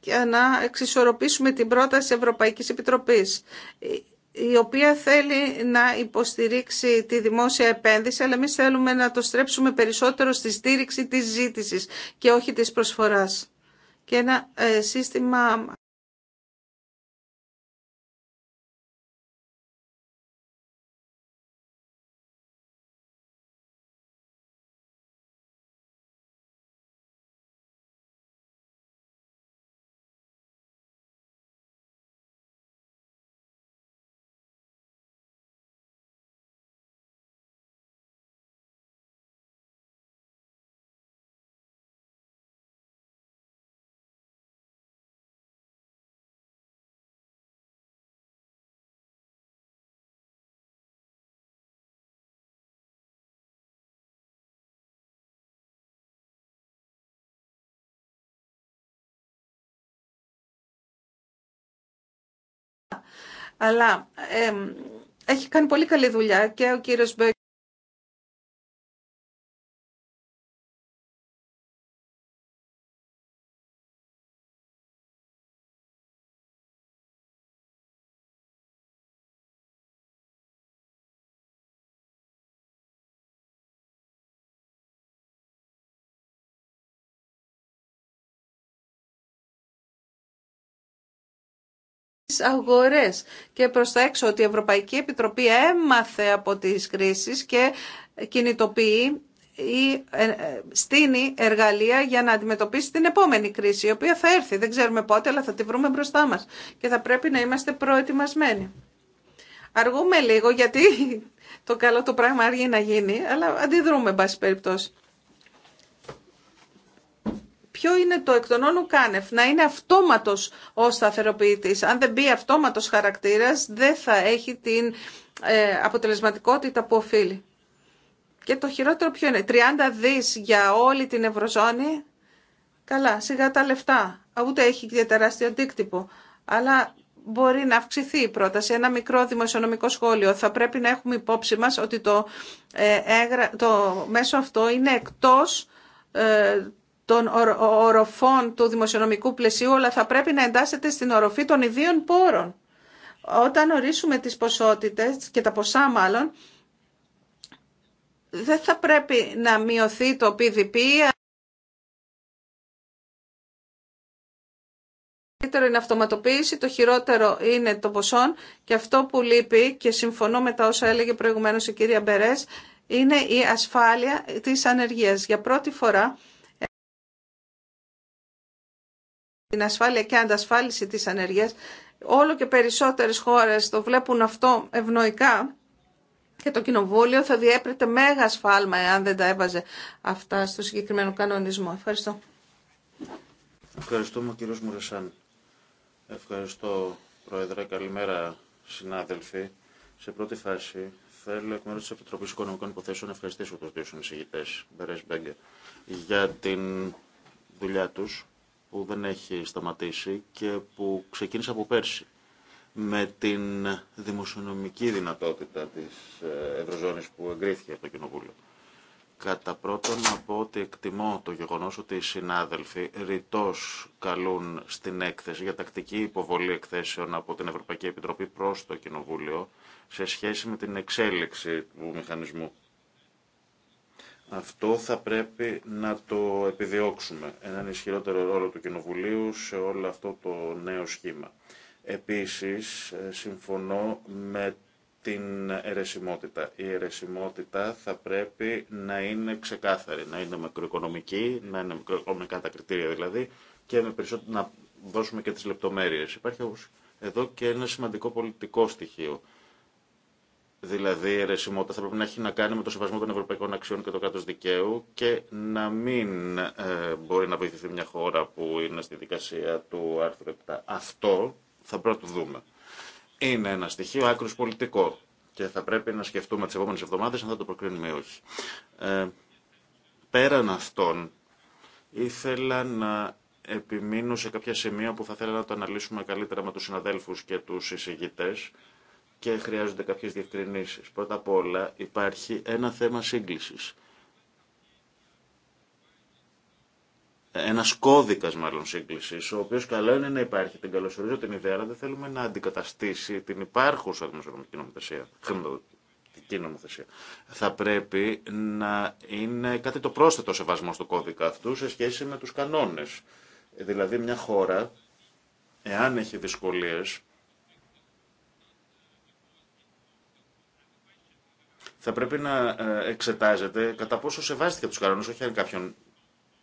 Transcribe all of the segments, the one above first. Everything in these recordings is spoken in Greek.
για να εξισορροπήσουμε την πρόταση Ευρωπαϊκής Επιτροπής η οποία θέλει να υποστηρίξει τη δημόσια επένδυση, αλλά εμεί θέλουμε να το στρέψουμε περισσότερο στη στήριξη της ζήτησης και όχι της προσφοράς. Και ένα ε, σύστημα Αλλά ε, έχει κάνει πολύ καλή δουλειά και ο κύριος Μπέκ αγορές και προς τα έξω ότι η Ευρωπαϊκή Επιτροπή έμαθε από τις κρίσεις και κινητοποιεί ή ε, ε, στείνει εργαλεία για να αντιμετωπίσει την επόμενη κρίση, η οποία θα έρθει. Δεν ξέρουμε πότε, αλλά θα τη βρούμε μπροστά μας και θα πρέπει να είμαστε προετοιμασμένοι. Αργούμε λίγο γιατί το καλό το πράγμα αργεί να γίνει, αλλά αντιδρούμε, εν πάση περιπτώσει ποιο είναι το εκ των όνων κάνευ, να είναι αυτόματος ο σταθεροποιητής. Αν δεν μπει αυτόματος χαρακτήρας, δεν θα έχει την ε, αποτελεσματικότητα που οφείλει. Και το χειρότερο ποιο είναι, 30 δις για όλη την Ευρωζώνη, καλά, σιγά τα λεφτά, ούτε έχει και τεράστιο αντίκτυπο, αλλά μπορεί να αυξηθεί η πρόταση. Ένα μικρό δημοσιονομικό σχόλιο. Θα πρέπει να έχουμε υπόψη μας ότι το, ε, το μέσο αυτό είναι εκτός ε, των οροφών του δημοσιονομικού πλαισίου, αλλά θα πρέπει να εντάσσεται στην οροφή των ιδίων πόρων. Όταν ορίσουμε τις ποσότητες και τα ποσά μάλλον, δεν θα πρέπει να μειωθεί το PDP, καλύτερο είναι αυτοματοποίηση, το χειρότερο είναι το ποσόν και αυτό που λείπει και συμφωνώ με τα όσα έλεγε προηγουμένως η κυρία Μπερές είναι η ασφάλεια της ανεργίας. Για πρώτη φορά την ασφάλεια και αντασφάλιση της ανεργίας. Όλο και περισσότερες χώρες το βλέπουν αυτό ευνοϊκά και το Κοινοβούλιο θα διέπρεται μέγα σφάλμα εάν δεν τα έβαζε αυτά στο συγκεκριμένο κανονισμό. Ευχαριστώ. Ευχαριστούμε κύριο Μουρεσάν. Ευχαριστώ Πρόεδρε. Καλημέρα συνάδελφοι. Σε πρώτη φάση θέλω εκ μέρου τη Επιτροπή Οικονομικών Υποθέσεων να ευχαριστήσω του δύο συνεισηγητέ, Μπερέ Μπέγκε, για την δουλειά του που δεν έχει σταματήσει και που ξεκίνησε από πέρσι με την δημοσιονομική δυνατότητα της ε, Ευρωζώνης που εγκρίθηκε από το Κοινοβούλιο. Κατά πρώτον να πω ότι εκτιμώ το γεγονός ότι οι συνάδελφοι ρητός καλούν στην έκθεση για τακτική υποβολή εκθέσεων από την Ευρωπαϊκή Επιτροπή προς το Κοινοβούλιο σε σχέση με την εξέλιξη του μηχανισμού αυτό θα πρέπει να το επιδιώξουμε. Έναν ισχυρότερο ρόλο του Κοινοβουλίου σε όλο αυτό το νέο σχήμα. Επίσης, ε, συμφωνώ με την αιρεσιμότητα. Η αιρεσιμότητα θα πρέπει να είναι ξεκάθαρη, να είναι μικροοικονομική, να είναι μικροοικονομικά τα κριτήρια δηλαδή και με περισσότερο να δώσουμε και τις λεπτομέρειες. Υπάρχει εδώ και ένα σημαντικό πολιτικό στοιχείο Δηλαδή, η αιρεσιμότητα θα πρέπει να έχει να κάνει με το σεβασμό των ευρωπαϊκών αξιών και το κράτο δικαίου και να μην ε, μπορεί να βοηθηθεί μια χώρα που είναι στη δικασία του άρθρου 7. Αυτό θα πρέπει να το δούμε. Είναι ένα στοιχείο άκρο πολιτικό και θα πρέπει να σκεφτούμε τι επόμενε εβδομάδε αν θα το προκρίνουμε ή όχι. Ε, πέραν αυτών, ήθελα να επιμείνω σε κάποια σημεία που θα ήθελα να το αναλύσουμε καλύτερα με του συναδέλφου και του εισηγητέ και χρειάζονται κάποιες διευκρινήσεις. Πρώτα απ' όλα υπάρχει ένα θέμα σύγκλησης. Ένα κώδικα μάλλον σύγκληση, ο οποίο καλό είναι να υπάρχει. Την καλωσορίζω την ιδέα, αλλά δεν θέλουμε να αντικαταστήσει την υπάρχουσα δημοσιονομική νομοθεσία. νομοθεσία. Θα πρέπει να είναι κάτι το πρόσθετο σεβασμό του κώδικα αυτού σε σχέση με του κανόνε. Δηλαδή, μια χώρα, εάν έχει δυσκολίε, θα πρέπει να ε, εξετάζεται κατά πόσο σεβάστηκε τους κανόνες, όχι αν κάποιον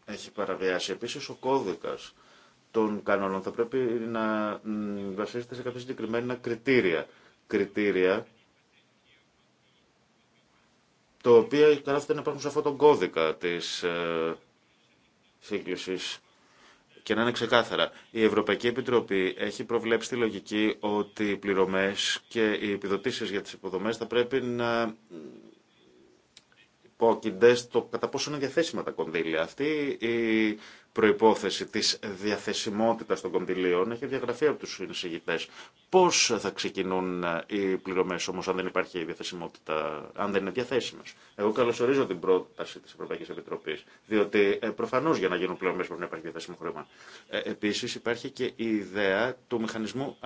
έχει παραβιάσει. Επίσης, ο κώδικας των κανόνων θα πρέπει να βασίζεται σε κάποια συγκεκριμένα κριτήρια. Κριτήρια τα οποία γράφεται να υπάρχουν σε αυτόν τον κώδικα της ε, σύγκλησης και να είναι ξεκάθαρα. Η Ευρωπαϊκή Επιτροπή έχει προβλέψει τη λογική ότι οι πληρωμές και οι επιδοτήσεις για τις υποδομές θα πρέπει να υπόκεινται στο κατά πόσο είναι διαθέσιμα τα κονδύλια. Αυτή η προϋπόθεση της διαθεσιμότητας των κονδυλίων έχει διαγραφεί από τους συνεισηγητές. Πώς θα ξεκινούν ε, οι πληρωμές όμως αν δεν υπάρχει διαθεσιμότητα, αν δεν είναι διαθέσιμες. Εγώ καλωσορίζω την πρόταση της Ευρωπαϊκής Επιτροπής, διότι ε, προφανώς για να γίνουν πληρωμές πρέπει να υπάρχει διαθέσιμο χρήμα. Ε, επίσης υπάρχει και η ιδέα του μηχανισμού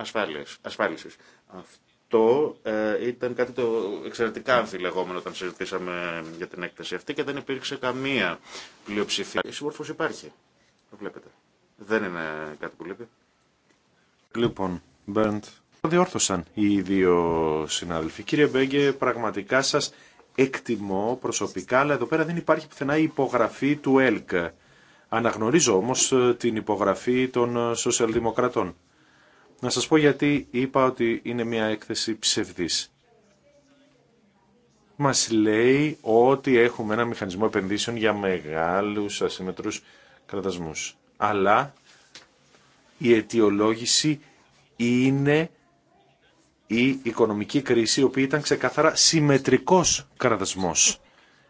ασφάλισης. Αυτό ήταν κάτι το εξαιρετικά αμφιλεγόμενο όταν συζητήσαμε για την έκθεση αυτή και δεν υπήρξε καμία πλειοψηφία. Η συμμόρφωση υπάρχει. Το βλέπετε. Δεν είναι κάτι που λείπει. Λοιπόν, Μπέρντ, διόρθωσαν οι δύο συνάδελφοι. Κύριε Μπέγκε, πραγματικά σας εκτιμώ προσωπικά, αλλά εδώ πέρα δεν υπάρχει πουθενά η υπογραφή του ΕΛΚ. Αναγνωρίζω όμως ε, την υπογραφή των ε, σοσιαλδημοκρατών. Να σας πω γιατί είπα ότι είναι μια έκθεση ψευδής. Μας λέει ότι έχουμε ένα μηχανισμό επενδύσεων για μεγάλους ασύμετρους κρατασμούς, Αλλά η αιτιολόγηση είναι η οικονομική κρίση, η οποία ήταν ξεκαθαρά συμμετρικός κρατασμός.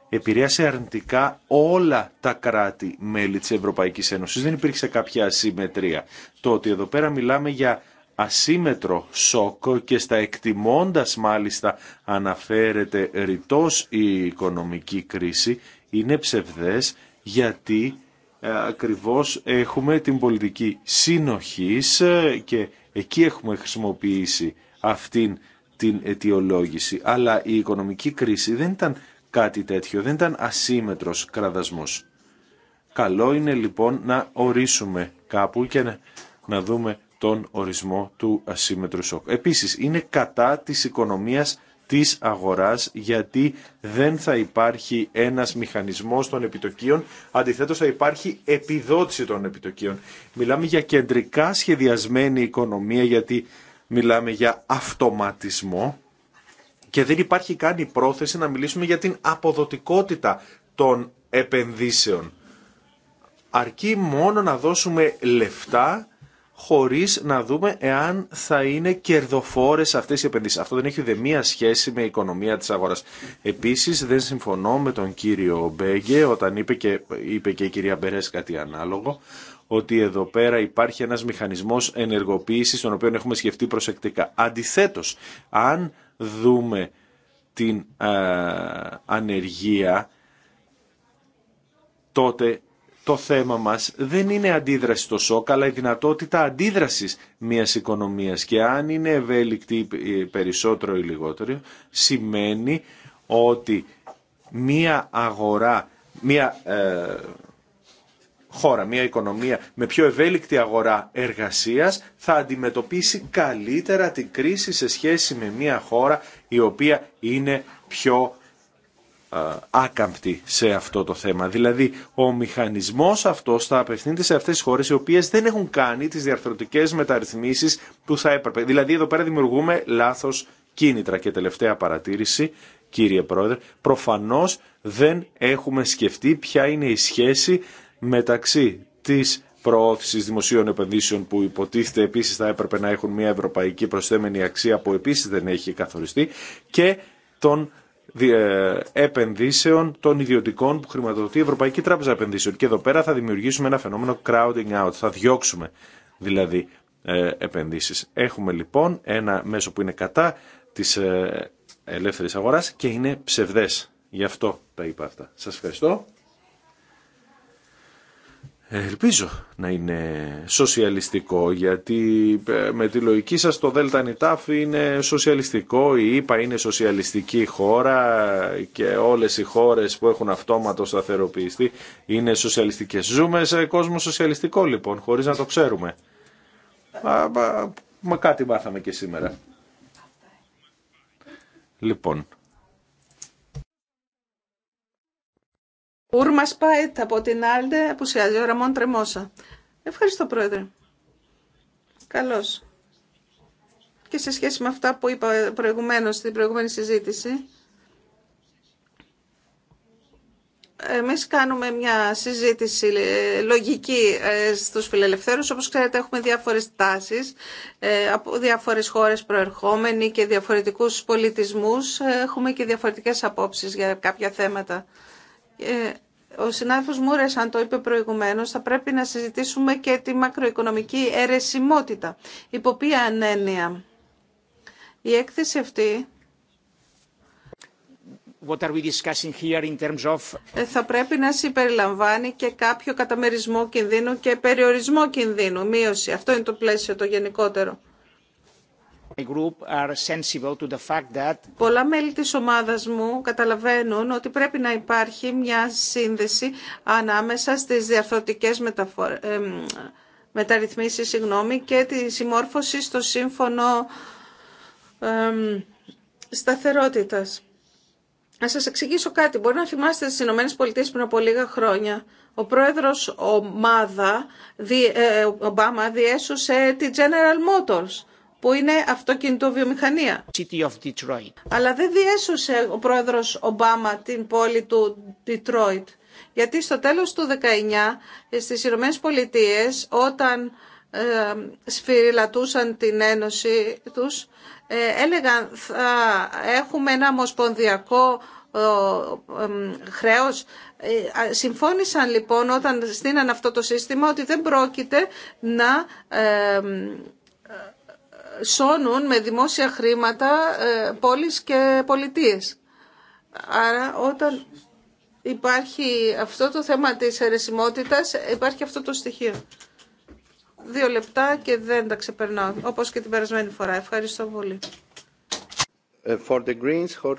Επηρέασε αρνητικά όλα τα κράτη-μέλη της Ευρωπαϊκής Ένωσης. Δεν υπήρξε κάποια ασύμμετρία. Το ότι εδώ πέρα μιλάμε για ασύμετρο σοκ και στα εκτιμώντας μάλιστα αναφέρεται ρητός η οικονομική κρίση, είναι ψευδές γιατί ε, ακριβώς έχουμε την πολιτική συνοχής ε, και εκεί έχουμε χρησιμοποιήσει αυτήν την αιτιολόγηση. Αλλά η οικονομική κρίση δεν ήταν κάτι τέτοιο, δεν ήταν ασύμετρος κραδασμός. Καλό είναι λοιπόν να ορίσουμε κάπου και να, να δούμε τον ορισμό του ασύμετρου σοκ. Επίσης, είναι κατά της οικονομίας της αγοράς γιατί δεν θα υπάρχει ένας μηχανισμός των επιτοκίων, αντιθέτως θα υπάρχει επιδότηση των επιτοκίων. Μιλάμε για κεντρικά σχεδιασμένη οικονομία γιατί μιλάμε για αυτοματισμό και δεν υπάρχει καν η πρόθεση να μιλήσουμε για την αποδοτικότητα των επενδύσεων. Αρκεί μόνο να δώσουμε λεφτά χωρίς να δούμε εάν θα είναι κερδοφόρες αυτές οι επενδύσεις. Αυτό δεν έχει ούτε σχέση με η οικονομία της αγοράς. Επίσης δεν συμφωνώ με τον κύριο Μπέγκε όταν είπε και, είπε και η κυρία Μπερές κάτι ανάλογο ότι εδώ πέρα υπάρχει ένας μηχανισμός ενεργοποίησης τον οποίο έχουμε σκεφτεί προσεκτικά. Αντιθέτως, αν δούμε την ε, ανεργία τότε το θέμα μας δεν είναι αντίδραση στο σοκ, αλλά η δυνατότητα αντίδρασης μιας οικονομίας. Και αν είναι ευέλικτη περισσότερο ή λιγότερο, σημαίνει ότι μια αγορά, μια ε, χώρα, μια οικονομία με πιο ευέλικτη αγορά εργασίας θα αντιμετωπίσει καλύτερα την κρίση σε σχέση με μια χώρα η οποία είναι πιο ε, άκαμπτη σε αυτό το θέμα. Δηλαδή, ο μηχανισμό αυτό θα απευθύνεται σε αυτέ τι χώρε οι οποίε δεν έχουν κάνει τι διαρθρωτικές μεταρρυθμίσει που θα έπρεπε. Δηλαδή, εδώ πέρα δημιουργούμε λάθο κίνητρα. Και τελευταία παρατήρηση, κύριε Πρόεδρε, προφανώ δεν έχουμε σκεφτεί ποια είναι η σχέση μεταξύ τη προώθηση δημοσίων επενδύσεων που υποτίθεται επίση θα έπρεπε να έχουν μια ευρωπαϊκή προσθέμενη αξία που επίση δεν έχει καθοριστεί και των ε, επενδύσεων των ιδιωτικών που χρηματοδοτεί η Ευρωπαϊκή Τράπεζα Επενδύσεων. Και εδώ πέρα θα δημιουργήσουμε ένα φαινόμενο crowding out, θα διώξουμε δηλαδή ε, επενδύσεις. Έχουμε λοιπόν ένα μέσο που είναι κατά της ε, ελεύθερης αγοράς και είναι ψευδές. Γι' αυτό τα είπα αυτά. Σας ευχαριστώ. Ελπίζω να είναι σοσιαλιστικό, γιατί ε, με τη λογική σας το Δέλτα Νιτάφ είναι σοσιαλιστικό, η ΕΠΑ είναι σοσιαλιστική χώρα και όλες οι χώρες που έχουν αυτόματο σταθεροποιηθεί είναι σοσιαλιστικές. Ζούμε σε κόσμο σοσιαλιστικό λοιπόν, χωρίς να το ξέρουμε. Μα, μα κάτι μάθαμε και σήμερα. Λοιπόν, Ούρμα Σπάιτ από την Άλντε, απουσιάζει ο Ραμόν Τρεμόσα. Ευχαριστώ, Πρόεδρε. Καλώς. Και σε σχέση με αυτά που είπα προηγουμένως στην προηγούμενη συζήτηση, εμείς κάνουμε μια συζήτηση λογική ε, στους φιλελευθέρους. Όπως ξέρετε έχουμε διάφορες τάσεις ε, από διάφορες χώρες προερχόμενοι και διαφορετικούς πολιτισμούς. Έχουμε και διαφορετικές απόψεις για κάποια θέματα. Ε, ο συνάδελφος Μούρες, αν το είπε προηγουμένως, θα πρέπει να συζητήσουμε και τη μακροοικονομική αιρεσιμότητα. Υπό ποια ανένεια. Η έκθεση αυτή ε, θα πρέπει να συμπεριλαμβάνει και κάποιο καταμερισμό κινδύνου και περιορισμό κινδύνου, μείωση. Αυτό είναι το πλαίσιο το γενικότερο. Πολλά μέλη της ομάδας μου καταλαβαίνουν ότι πρέπει να υπάρχει μια σύνδεση ανάμεσα στις διαφορετικές μεταφορ... μεταρρυθμίσεις συγγνώμη, και τη συμμόρφωση στο σύμφωνο σταθερότητα. σταθερότητας. Να σας εξηγήσω κάτι. Μπορεί να θυμάστε στις Ηνωμένες Πολιτείες πριν από λίγα χρόνια ο πρόεδρος ομάδα, δι, ε, Ομπάμα διέσωσε τη General Motors που είναι αυτοκινητοβιομηχανία. City of Detroit. Αλλά δεν διέσωσε ο πρόεδρος Ομπάμα την πόλη του Detroit. Γιατί στο τέλος του 19 στις Ηνωμένες Πολιτείες όταν ε, σφυριλατούσαν την ένωση τους ε, έλεγαν θα έχουμε ένα μοσπονδιακό χρέος. Ε, συμφώνησαν λοιπόν όταν στείναν αυτό το σύστημα ότι δεν πρόκειται να ε, σώνουν με δημόσια χρήματα ε, πόλεις και πολιτείες. Άρα όταν υπάρχει αυτό το θέμα της αιρεσιμότητας, υπάρχει αυτό το στοιχείο. Δύο λεπτά και δεν τα ξεπερνάω, όπως και την περασμένη φορά. Ευχαριστώ πολύ. Ε, for the Greens,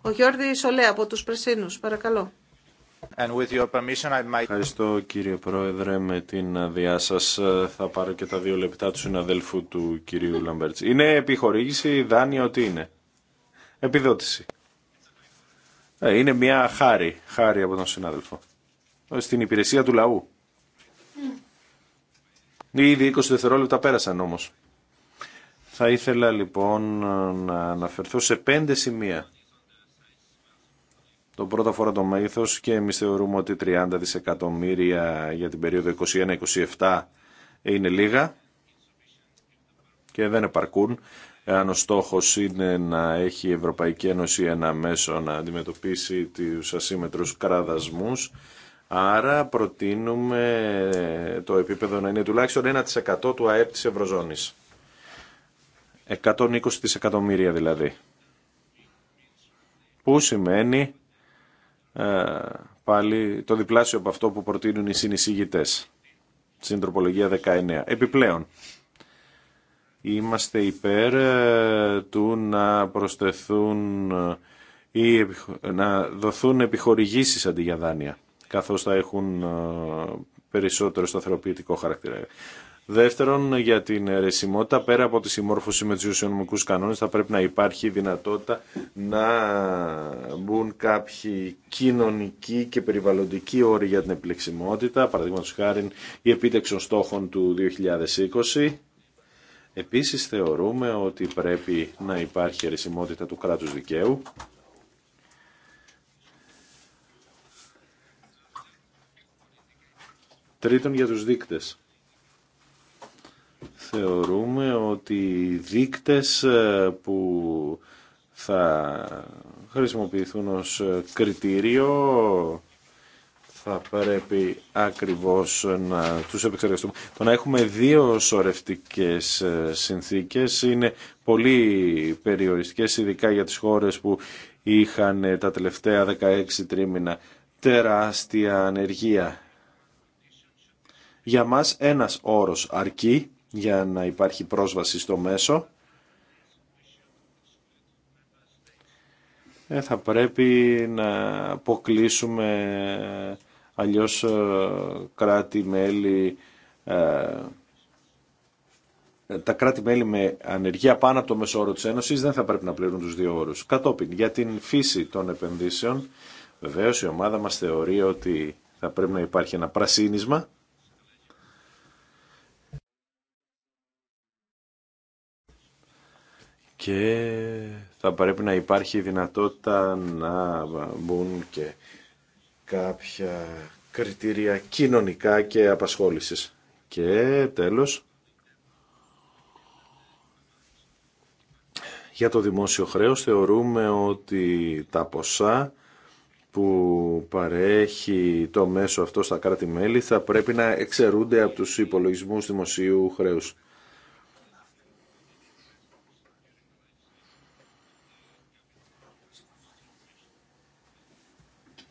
Ο Γιώργη Σολέ από τους Πρεσίνους, παρακαλώ. Ευχαριστώ κύριε Πρόεδρε. Με την αδειά σα ε, θα πάρω και τα δύο λεπτά του συναδέλφου του κυρίου Λαμπέρτ. Είναι επιχορήγηση, δάνειο, τι είναι. Επιδότηση. Ε, είναι μια χάρη, χάρη από τον συνάδελφο. Ε, στην υπηρεσία του λαού. Mm. Ήδη 20 δευτερόλεπτα πέρασαν όμως. Θα ήθελα λοιπόν να αναφερθώ σε πέντε σημεία το πρώτο φορά το μέγεθο και εμεί θεωρούμε ότι 30 δισεκατομμύρια για την περίοδο 21-27 είναι λίγα και δεν επαρκούν. Εάν ο στόχος είναι να έχει η Ευρωπαϊκή Ένωση ένα μέσο να αντιμετωπίσει τους ασύμετρου κραδασμού. άρα προτείνουμε το επίπεδο να είναι τουλάχιστον 1% του ΑΕΠ τη Ευρωζώνης. 120 δισεκατομμύρια δηλαδή. Που σημαίνει ε, πάλι το διπλάσιο από αυτό που προτείνουν οι συνεισήγητες στην τροπολογία 19. Επιπλέον, είμαστε υπέρ ε, του να προσθεθούν ε, ή να δοθούν επιχορηγήσεις αντί για δάνεια, καθώς θα έχουν περισσότερο σταθεροποιητικό χαρακτήρα. Δεύτερον, για την αιρεσιμότητα, πέρα από τη συμμόρφωση με του ουσιονομικούς κανόνες, θα πρέπει να υπάρχει δυνατότητα να μπουν κάποιοι κοινωνικοί και περιβαλλοντικοί όροι για την επιλεξιμότητα, παραδείγματο χάρη η επίτευξη των στόχων του 2020. Επίσης θεωρούμε ότι πρέπει να υπάρχει αιρεσιμότητα του κράτους δικαίου. Τρίτον, για τους δείκτες θεωρούμε ότι οι δείκτες ε, που θα χρησιμοποιηθούν ως ε, κριτήριο θα πρέπει ακριβώς να τους επεξεργαστούμε. Το να έχουμε δύο σωρευτικές ε, συνθήκες είναι πολύ περιοριστικές, ειδικά για τις χώρες που είχαν τα τελευταία 16 τρίμηνα τεράστια ανεργία. Για μας ένας όρος αρκεί για να υπάρχει πρόσβαση στο μέσο. Ε, θα πρέπει να αποκλείσουμε αλλιώς ε, κράτη-μέλη ε, τα κράτη-μέλη με ανεργία πάνω από το όρο της Ένωσης δεν θα πρέπει να πληρούν τους δύο όρους. Κατόπιν, για την φύση των επενδύσεων, βεβαίως η ομάδα μας θεωρεί ότι θα πρέπει να υπάρχει ένα πρασίνισμα και θα πρέπει να υπάρχει δυνατότητα να μπουν και κάποια κριτήρια κοινωνικά και απασχόλησης. Και τέλος, για το δημόσιο χρέος θεωρούμε ότι τα ποσά που παρέχει το μέσο αυτό στα κράτη-μέλη θα πρέπει να εξαιρούνται από τους υπολογισμούς δημοσίου χρέους.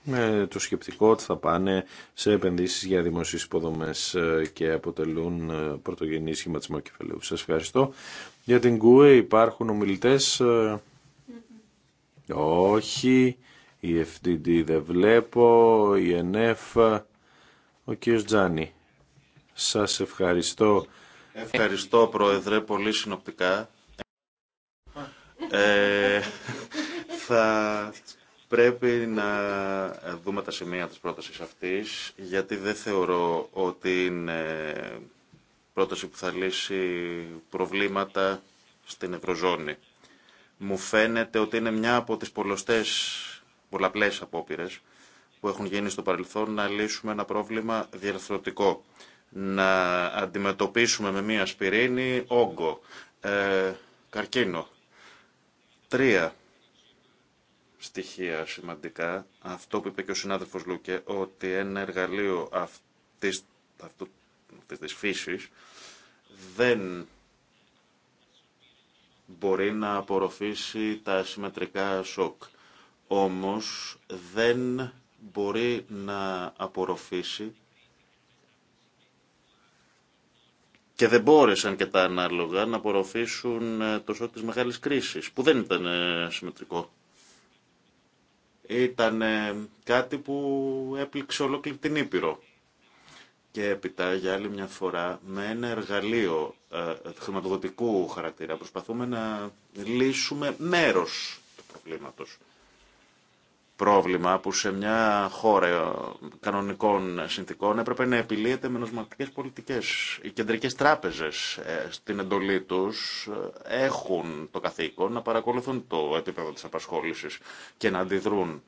με το σκεπτικό ότι θα πάνε σε επενδύσεις για δημοσίες υποδομές ε, και αποτελούν ε, πρωτογενή σχηματισμό κεφαλαίου. Σας ευχαριστώ. Για την ΚΟΕ υπάρχουν ομιλητές. Ε? Όχι. Η FDD δεν βλέπω. Η ΕΝΕΦ. Ο κ. Τζάνι. Σας ευχαριστώ. Ευχαριστώ Πρόεδρε πολύ συνοπτικά. θα Πρέπει να δούμε τα σημεία της πρότασης αυτής, γιατί δεν θεωρώ ότι είναι πρόταση που θα λύσει προβλήματα στην Ευρωζώνη. Μου φαίνεται ότι είναι μια από τις πολλωστές, πολλαπλές απόπειρες που έχουν γίνει στο παρελθόν να λύσουμε ένα πρόβλημα διαρθρωτικό. Να αντιμετωπίσουμε με μια σπιρίνη όγκο, ε, καρκίνο. Τρία στοιχεία σημαντικά. Αυτό που είπε και ο συνάδελφος Λούκε, ότι ένα εργαλείο αυτής, αυτού, αυτής της φύσης δεν μπορεί να απορροφήσει τα συμμετρικά σοκ. Όμως δεν μπορεί να απορροφήσει και δεν μπόρεσαν και τα ανάλογα να απορροφήσουν ε, το σοκ της μεγάλης κρίσης, που δεν ήταν ε, συμμετρικό. Ήταν κάτι που έπληξε ολόκληρη την Ήπειρο. Και έπειτα, για άλλη μια φορά, με ένα εργαλείο ε, χρηματοδοτικού χαρακτήρα προσπαθούμε να λύσουμε μέρος του προβλήματος πρόβλημα που σε μια χώρα κανονικών συνθήκων έπρεπε να επιλύεται με νοσματικές πολιτικές. Οι κεντρικές τράπεζες ε, στην εντολή τους ε, έχουν το καθήκον να παρακολουθούν το επίπεδο της απασχόλησης και να αντιδρούν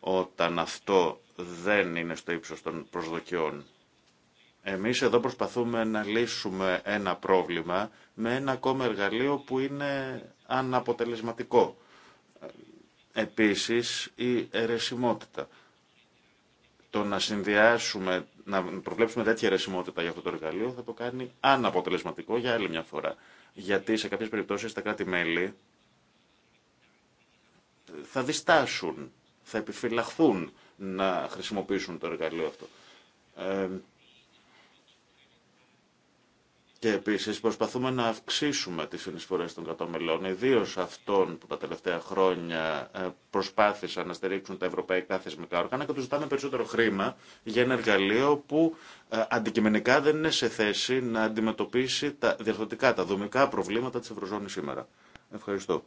όταν αυτό δεν είναι στο ύψος των προσδοκιών. Εμείς εδώ προσπαθούμε να λύσουμε ένα πρόβλημα με ένα ακόμα εργαλείο που είναι αναποτελεσματικό Επίσης, η αιρεσιμότητα. Το να συνδυάσουμε, να προβλέψουμε τέτοια αιρεσιμότητα για αυτό το εργαλείο θα το κάνει αναποτελεσματικό για άλλη μια φορά. Γιατί σε κάποιες περιπτώσεις τα κράτη-μέλη θα διστάσουν, θα επιφυλαχθούν να χρησιμοποιήσουν το εργαλείο αυτό. Ε, και επίσης προσπαθούμε να αυξήσουμε τις συνεισφορές των κατομελών, ιδίω αυτών που τα τελευταία χρόνια ε, προσπάθησαν να στηρίξουν τα ευρωπαϊκά θεσμικά όργανα και τους ζητάμε περισσότερο χρήμα για ένα εργαλείο που ε, αντικειμενικά δεν είναι σε θέση να αντιμετωπίσει τα διαρθωτικά, τα δομικά προβλήματα της Ευρωζώνης σήμερα. Ευχαριστώ.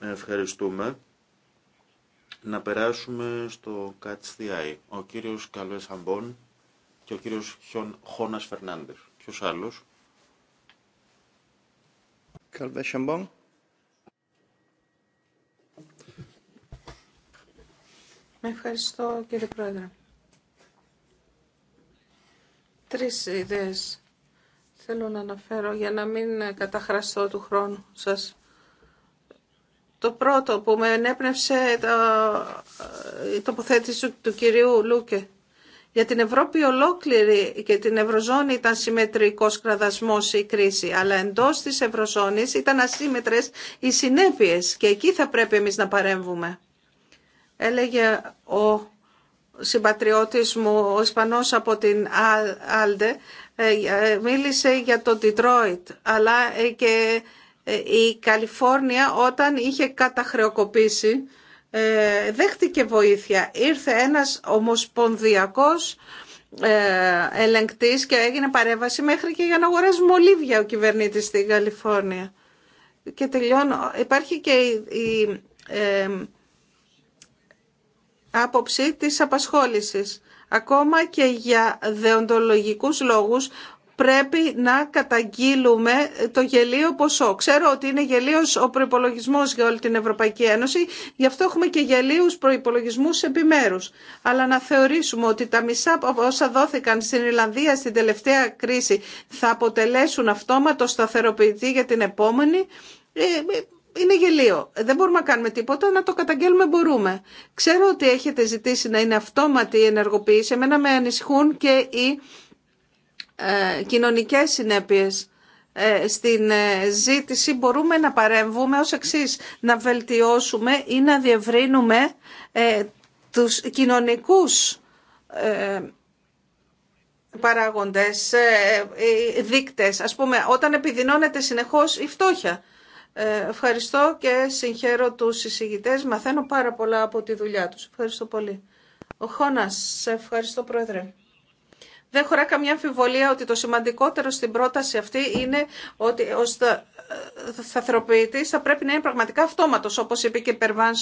Ευχαριστούμε. Να περάσουμε στο Catch Ο κύριος Καλουέ Σαμπών και ο κύριος Χιον Χώνας Ποιος άλλος? Καλβέσσεμπον. Με ευχαριστώ κύριε Πρόεδρε. Τρεις ιδέες θέλω να αναφέρω για να μην καταχραστώ του χρόνου σας. Το πρώτο που με ενέπνευσε ε, η τοποθέτηση του, του κυρίου Λούκε για την Ευρώπη ολόκληρη και την Ευρωζώνη ήταν συμμετρικός κραδασμός η κρίση, αλλά εντός της Ευρωζώνης ήταν ασύμετρες οι συνέπειες και εκεί θα πρέπει εμείς να παρέμβουμε. Έλεγε ο συμπατριώτης μου, ο Ισπανός από την Άλντε, ε, ε, μίλησε για το Τιτρόιτ, αλλά ε, και η Καλιφόρνια όταν είχε καταχρεοκοπήσει ε, δέχτηκε βοήθεια. Ήρθε ένας ομοσπονδιακός ε, ελεγκτής και έγινε παρέμβαση μέχρι και για να αγοράζει μολύβια ο κυβερνήτης στην Καλιφόρνια. Και τελειώνω. Υπάρχει και η, ε, άποψη της απασχόλησης. Ακόμα και για δεοντολογικούς λόγους πρέπει να καταγγείλουμε το γελίο ποσό. Ξέρω ότι είναι γελίος ο προπολογισμό για όλη την Ευρωπαϊκή Ένωση, γι' αυτό έχουμε και γελίους προϋπολογισμούς επιμέρους. Αλλά να θεωρήσουμε ότι τα μισά όσα δόθηκαν στην Ιρλανδία στην τελευταία κρίση θα αποτελέσουν αυτόματο σταθεροποιητή για την επόμενη, ε, είναι γελίο. Δεν μπορούμε να κάνουμε τίποτα, να το καταγγέλουμε μπορούμε. Ξέρω ότι έχετε ζητήσει να είναι αυτόματη η ενεργοποίηση. Εμένα με ανησυχούν και οι ε, κοινωνικές συνέπειες ε, στην ε, ζήτηση μπορούμε να παρεμβούμε ως εξής, να βελτιώσουμε ή να διευρύνουμε τους κοινωνικούς παράγοντες, δείκτες. Ας πούμε, όταν επιδεινώνεται συνεχώς η φτώχεια. Ευχαριστώ και συγχαίρω τους συζητητές. δικτες ας πάρα πολλά από τη δουλειά τους. Ευχαριστώ πολύ. Ο Χώνας, σε ευχαριστώ πρόεδρε. Δεν χωρά καμιά αμφιβολία ότι το σημαντικότερο στην πρόταση αυτή είναι ότι ο σταθεροποιητής θα πρέπει να είναι πραγματικά αυτόματο, όπω είπε και η Περβάν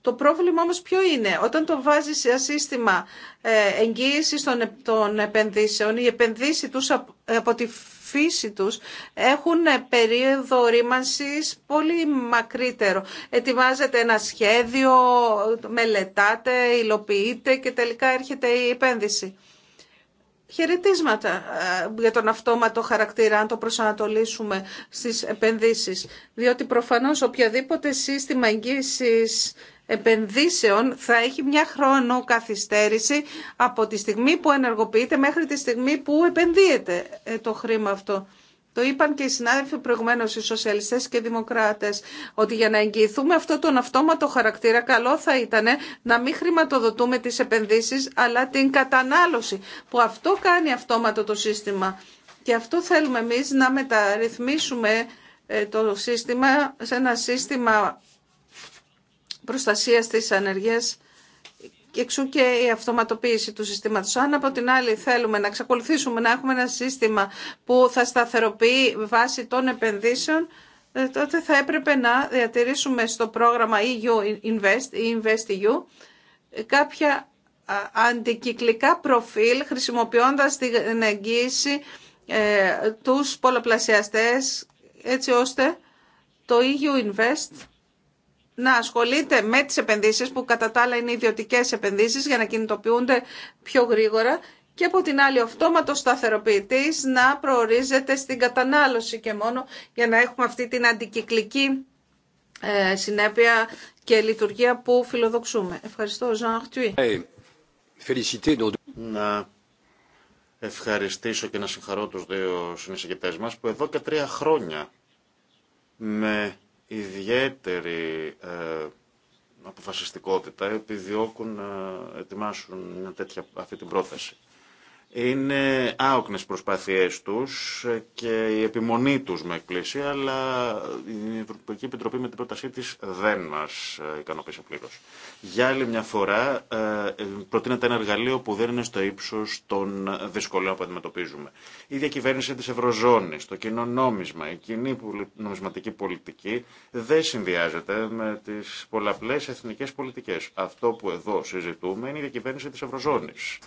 Το πρόβλημα όμω ποιο είναι, όταν το βάζει σε σύστημα ε, εγγύηση ε, των επενδύσεων, οι επενδύσει τους ε, από τη φύση τους έχουν περίοδο ρήμανσης πολύ μακρύτερο. Ετοιμάζεται ένα σχέδιο, μελετάτε, υλοποιείτε και τελικά έρχεται η επένδυση χαιρετίσματα ε, για τον αυτόματο χαρακτήρα αν το προσανατολίσουμε στις επενδύσεις. Διότι προφανώς οποιαδήποτε σύστημα εγγύησης επενδύσεων θα έχει μια χρόνο καθυστέρηση από τη στιγμή που ενεργοποιείται μέχρι τη στιγμή που επενδύεται ε, το χρήμα αυτό. Το είπαν και οι συνάδελφοι προηγουμένω, οι Σοσιαλιστέ και οι δημοκράτες ότι για να εγγυηθούμε αυτό τον αυτόματο χαρακτήρα καλό θα ήταν να μην χρηματοδοτούμε τις επενδύσεις αλλά την κατανάλωση που αυτό κάνει αυτόματο το σύστημα. Και αυτό θέλουμε εμείς να μεταρρυθμίσουμε ε, το σύστημα σε ένα σύστημα προστασίας της ανεργίας εξού και η αυτοματοποίηση του συστηματο. Αν από την άλλη θέλουμε να εξακολουθήσουμε να έχουμε ένα σύστημα που θα σταθεροποιεί βάσει των επενδύσεων, ε, τότε θα έπρεπε να διατηρήσουμε στο πρόγραμμα EU Invest ή e Invest EU κάποια αντικυκλικά προφίλ χρησιμοποιώντας την εγγύηση ε, τους πολλαπλασιαστές έτσι ώστε το EU Invest να ασχολείται με τις επενδύσεις που κατά τα άλλα είναι ιδιωτικές επενδύσεις για να κινητοποιούνται πιο γρήγορα και από την άλλη αυτόματο σταθεροποιητής να προορίζεται στην κατανάλωση και μόνο για να έχουμε αυτή την αντικυκλική ε, συνέπεια και λειτουργία που φιλοδοξούμε. Ευχαριστώ, Jean Να ευχαριστήσω και να συγχαρώ τους δύο συνεισηγητές μας που εδώ και τρία χρόνια με ιδιαίτερη ε, αποφασιστικότητα επιδιώκουν να ετοιμάσουν μια τέτοια, αυτή την πρόταση. Είναι άοκνες προσπάθειές τους και η επιμονή τους με εκπλήσει, αλλά η Ευρωπαϊκή Επιτροπή με την πρότασή της δεν μας ε, ικανοποίησε πλήρω. Για άλλη μια φορά ε, προτείνεται ένα εργαλείο που δεν είναι στο ύψος των δυσκολιών που αντιμετωπίζουμε. Η διακυβέρνηση της Ευρωζώνης, το κοινό νόμισμα, η κοινή νομισματική πολιτική δεν συνδυάζεται με τις πολλαπλές εθνικές πολιτικές. Αυτό που εδώ συζητούμε είναι η διακυβέρνηση της Ευρωζώνης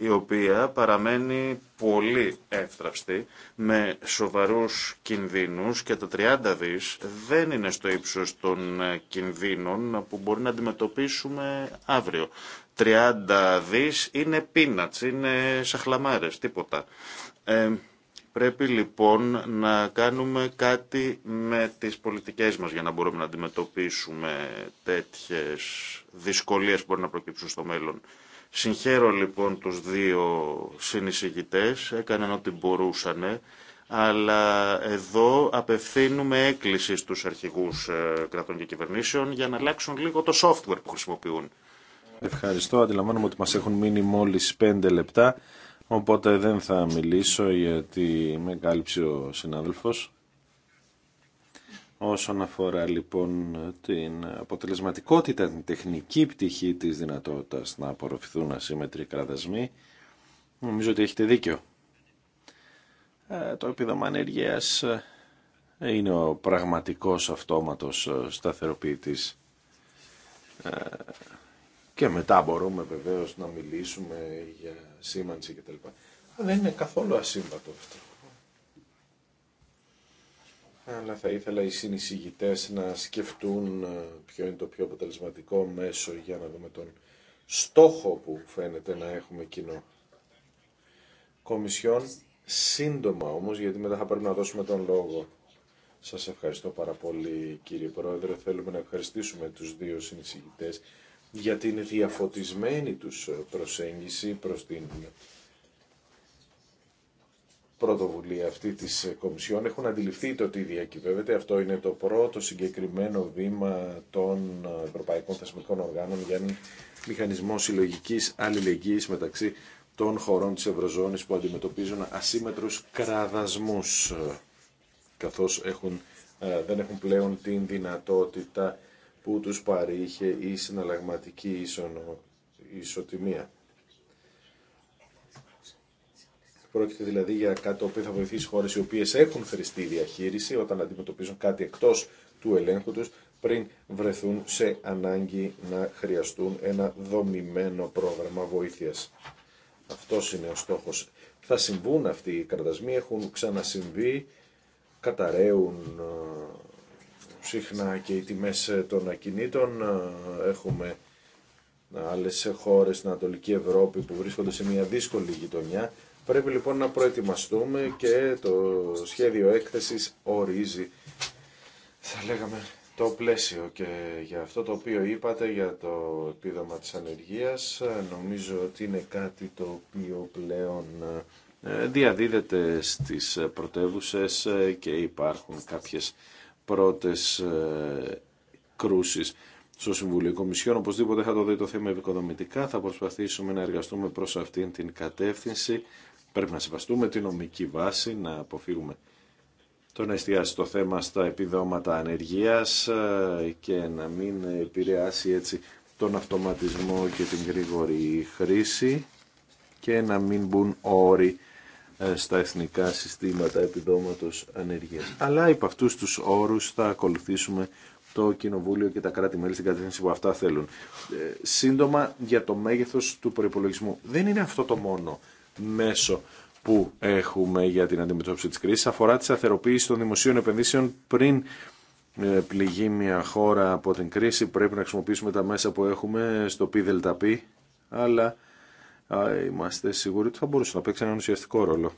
η οποία παραμένει πολύ εύθραυστη με σοβαρούς κινδύνους και τα 30 δις δεν είναι στο ύψος των ε, κινδύνων που μπορεί να αντιμετωπίσουμε αύριο. 30 δις είναι πίνατς, είναι σαχλαμάρες, τίποτα. Ε, πρέπει λοιπόν να κάνουμε κάτι με τις πολιτικές μας για να μπορούμε να αντιμετωπίσουμε τέτοιες δυσκολίες που μπορεί να προκύψουν στο μέλλον. Συγχαίρω λοιπόν τους δύο συνεισηγητές, έκαναν ό,τι μπορούσαν, αλλά εδώ απευθύνουμε έκκληση στους αρχηγούς ε, κρατών και κυβερνήσεων για να αλλάξουν λίγο το software που χρησιμοποιούν. Ευχαριστώ. Αντιλαμβάνομαι ότι μας έχουν μείνει μόλις πέντε λεπτά, οπότε δεν θα μιλήσω γιατί με κάλυψε ο συνάδελφος. Όσον αφορά λοιπόν την αποτελεσματικότητα, την τεχνική πτυχή της δυνατότητας να απορροφηθούν ασύμμετροι κραδασμοί, νομίζω ότι έχετε δίκιο. Ε, το επίδομα ανεργίας ε, είναι ο πραγματικός αυτόματος ε, σταθεροποιητής. Και μετά μπορούμε βεβαίως να μιλήσουμε για σήμανση κτλ. Αλλά δεν είναι καθόλου ασύμβατο αυτό αλλά θα ήθελα οι συνεισηγητές να σκεφτούν ε, ποιο είναι το πιο αποτελεσματικό μέσο για να δούμε τον στόχο που φαίνεται να έχουμε κοινό. Κομισιόν, σύντομα όμως, γιατί μετά θα πρέπει να δώσουμε τον λόγο. Σας ευχαριστώ πάρα πολύ κύριε Πρόεδρε. Θέλουμε να ευχαριστήσουμε τους δύο συνεισηγητές για την διαφωτισμένη τους ε, προσέγγιση προς την πρωτοβουλία αυτή της Κομισιόν έχουν αντιληφθεί το τι διακυβεύεται. Αυτό είναι το πρώτο συγκεκριμένο βήμα των Ευρωπαϊκών Θεσμικών Οργάνων για έναν μηχανισμό συλλογική αλληλεγγύη μεταξύ των χωρών της Ευρωζώνης που αντιμετωπίζουν ασύμετρους κραδασμούς καθώς έχουν, ε, δεν έχουν πλέον την δυνατότητα που τους παρήχε η συναλλαγματική ισοτιμία. Πρόκειται δηλαδή για κάτι το θα βοηθήσει χώρε οι οποίε έχουν χρηστή διαχείριση όταν αντιμετωπίζουν κάτι εκτό του ελέγχου του πριν βρεθούν σε ανάγκη να χρειαστούν ένα δομημένο πρόγραμμα βοήθεια. Αυτό είναι ο στόχο. Θα συμβούν αυτοί οι κρατασμοί, έχουν ξανασυμβεί, καταραίουν ε, συχνά και οι τιμέ των ακινήτων. Ε, έχουμε ε, άλλε χώρε στην Ανατολική Ευρώπη που βρίσκονται σε μια δύσκολη γειτονιά Πρέπει λοιπόν να προετοιμαστούμε και το σχέδιο έκθεσης ορίζει, θα λέγαμε, το πλαίσιο και για αυτό το οποίο είπατε για το επίδομα της ανεργίας νομίζω ότι είναι κάτι το οποίο πλέον ε, διαδίδεται στις πρωτεύουσες ε, και υπάρχουν κάποιες πρώτες ε, κρούσεις στο Συμβουλίο Κομισιόν. Οπωσδήποτε θα το δει το θέμα επικοδομητικά. Θα προσπαθήσουμε να εργαστούμε προς αυτήν την κατεύθυνση Πρέπει να συμβαστούμε τη νομική βάση, να αποφύγουμε το να εστιάσει το θέμα στα επιδόματα ανεργίας ε, και να μην επηρεάσει έτσι τον αυτοματισμό και την γρήγορη χρήση και να μην μπουν όροι ε, στα εθνικά συστήματα επιδόματος ανεργίας. Αλλά υπ' αυτούς τους όρους θα ακολουθήσουμε το Κοινοβούλιο και τα κράτη-μέλη στην κατεύθυνση που αυτά θέλουν. Ε, σύντομα για το μέγεθος του προϋπολογισμού. Δεν είναι αυτό το μόνο μέσο που έχουμε για την αντιμετώπιση της κρίσης αφορά τη σταθεροποίηση των δημοσίων επενδύσεων πριν ε, πληγεί μια χώρα από την κρίση πρέπει να χρησιμοποιήσουμε τα μέσα που έχουμε στο ΠΔΠ αλλά είμαστε σίγουροι ότι θα μπορούσε να παίξει έναν ουσιαστικό ρόλο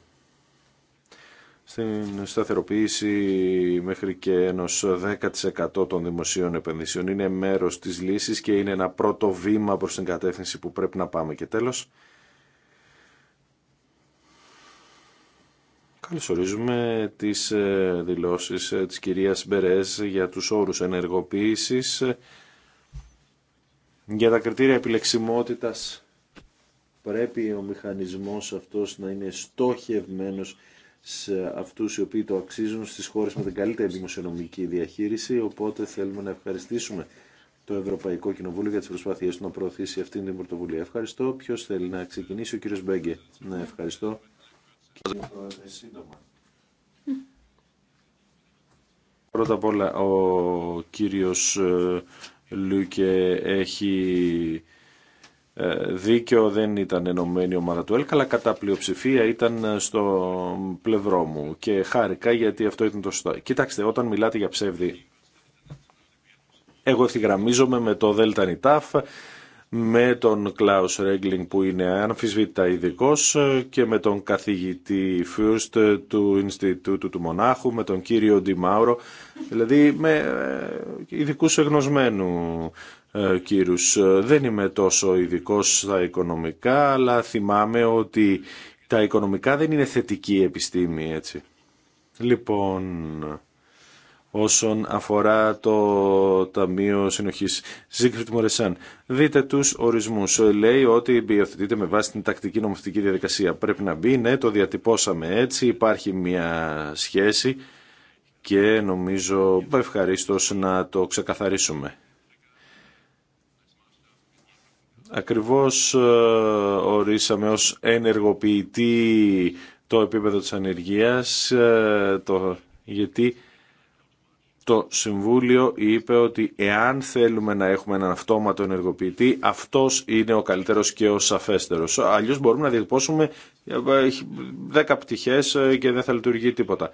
στην σταθεροποίηση μέχρι και ενός 10% των δημοσίων επενδύσεων. Είναι μέρος της λύσης και είναι ένα πρώτο βήμα προς την κατεύθυνση που πρέπει να πάμε. Και τέλος, Καλωσορίζουμε τις ε, δηλώσεις ε, της κυρίας Μπερές για τους όρους ενεργοποίησης, ε, για τα κριτήρια επιλεξιμότητας. Πρέπει ο μηχανισμός αυτός να είναι στόχευμένος σε αυτούς οι οποίοι το αξίζουν στις χώρες με την καλύτερη δημοσιονομική διαχείριση, οπότε θέλουμε να ευχαριστήσουμε το Ευρωπαϊκό Κοινοβούλιο για τις προσπάθειες του να προωθήσει αυτήν την πρωτοβουλία. Ευχαριστώ. Ποιο θέλει να ξεκινήσει, ο κύριο Μπέγκε. Ναι, ευχαριστώ. Πρώτα απ' όλα, ο κύριος ε, Λούκε έχει ε, δίκιο, δεν ήταν ενωμένη ομάδα του ΕΛΚ, αλλά κατά πλειοψηφία ήταν ε, στο πλευρό μου και χάρηκα γιατί αυτό ήταν το σωστό. Κοιτάξτε, όταν μιλάτε για ψεύδι, εγώ ευθυγραμμίζομαι με το ΔΕΛΤΑ με τον Κλάους Ρέγκλινγκ που είναι αναμφισβήτητα ειδικό και με τον καθηγητή Φιούστ του Ινστιτούτου του Μονάχου, με τον κύριο Ντιμάουρο, δηλαδή με ε, ειδικού εγνωσμένου ε, κύρους. Δεν είμαι τόσο ειδικό στα οικονομικά, αλλά θυμάμαι ότι τα οικονομικά δεν είναι θετική επιστήμη, έτσι. Λοιπόν, όσον αφορά το Ταμείο Συνοχής. Ζίγκριτ Μορεσάν, δείτε τους ορισμού. Λέει ότι υιοθετείται με βάση την τακτική νομοθετική διαδικασία. Πρέπει να μπει, ναι, το διατυπώσαμε έτσι, υπάρχει μια σχέση και νομίζω ευχαρίστω να το ξεκαθαρίσουμε. Ακριβώς ε, ορίσαμε ως ενεργοποιητή το επίπεδο της ανεργίας, ε, το, γιατί το Συμβούλιο είπε ότι εάν θέλουμε να έχουμε έναν αυτόματο ενεργοποιητή, αυτός είναι ο καλύτερος και ο σαφέστερος. Αλλιώς μπορούμε να διατυπώσουμε ε, δέκα πτυχές ε, και δεν θα λειτουργεί τίποτα.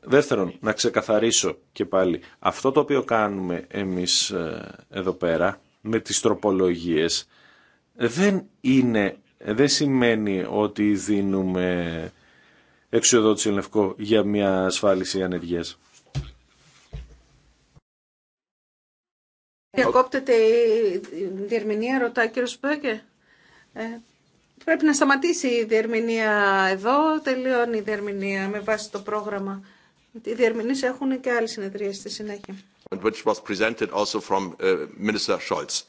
Δεύτερον, να ξεκαθαρίσω και πάλι, αυτό το οποίο κάνουμε εμείς ε, εδώ πέρα, με τις τροπολογίες, δεν είναι, δεν σημαίνει ότι δίνουμε εξοδότηση λευκό για μια ασφάλιση ανεργίας. Διακόπτεται η διερμηνία, ρωτάει ο κύριος Ε, πρέπει να σταματήσει η διερμηνία εδώ, τελειώνει η διερμηνία με βάση το πρόγραμμα. Οι διερμηνείς έχουν και άλλη συνεδρία στη συνέχεια. Which was presented also from Minister Scholz.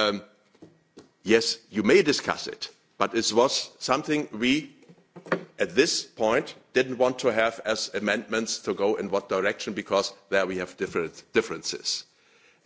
Um, yes, you may discuss it, but it was something we at this point didn't want to have as amendments to go in what direction because there we have different differences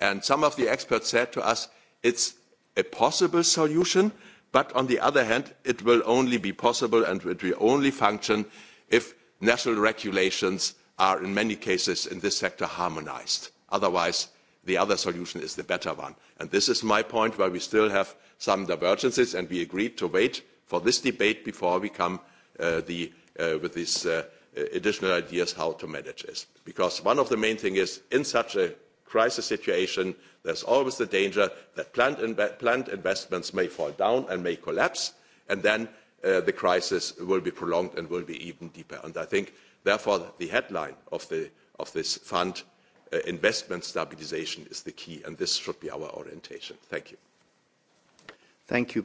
And some of the experts said to us, it's a possible solution, but on the other hand, it will only be possible and it will only function if national regulations are in many cases in this sector harmonized. Otherwise, the other solution is the better one. And this is my point where we still have some divergences and we agreed to wait for this debate before we come with these additional ideas how to manage this. Because one of the main things is in such a crisis situation there's always the danger that planned investments may fall down and may collapse and then the crisis will be prolonged and will be even deeper. i think therefore the headline of this fund investment stabilization, is the key and this should be our orientation. thank you.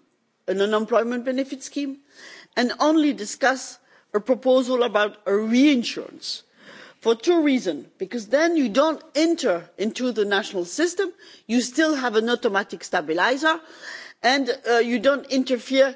an unemployment benefit scheme and only discuss a proposal about a reinsurance for two reasons because then you don't enter into the national system you still have an automatic stabiliser and you don't interfere